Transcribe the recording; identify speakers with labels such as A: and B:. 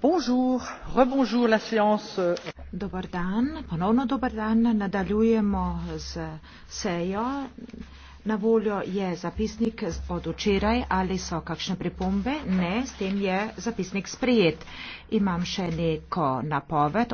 A: Euh, dober dan ponovno dober dan nadaljujemo z sejo na voljo je zapisnik od včeraj ali so kakšne pripombe ne s tem je zapisnik sprejet imam še neko napoved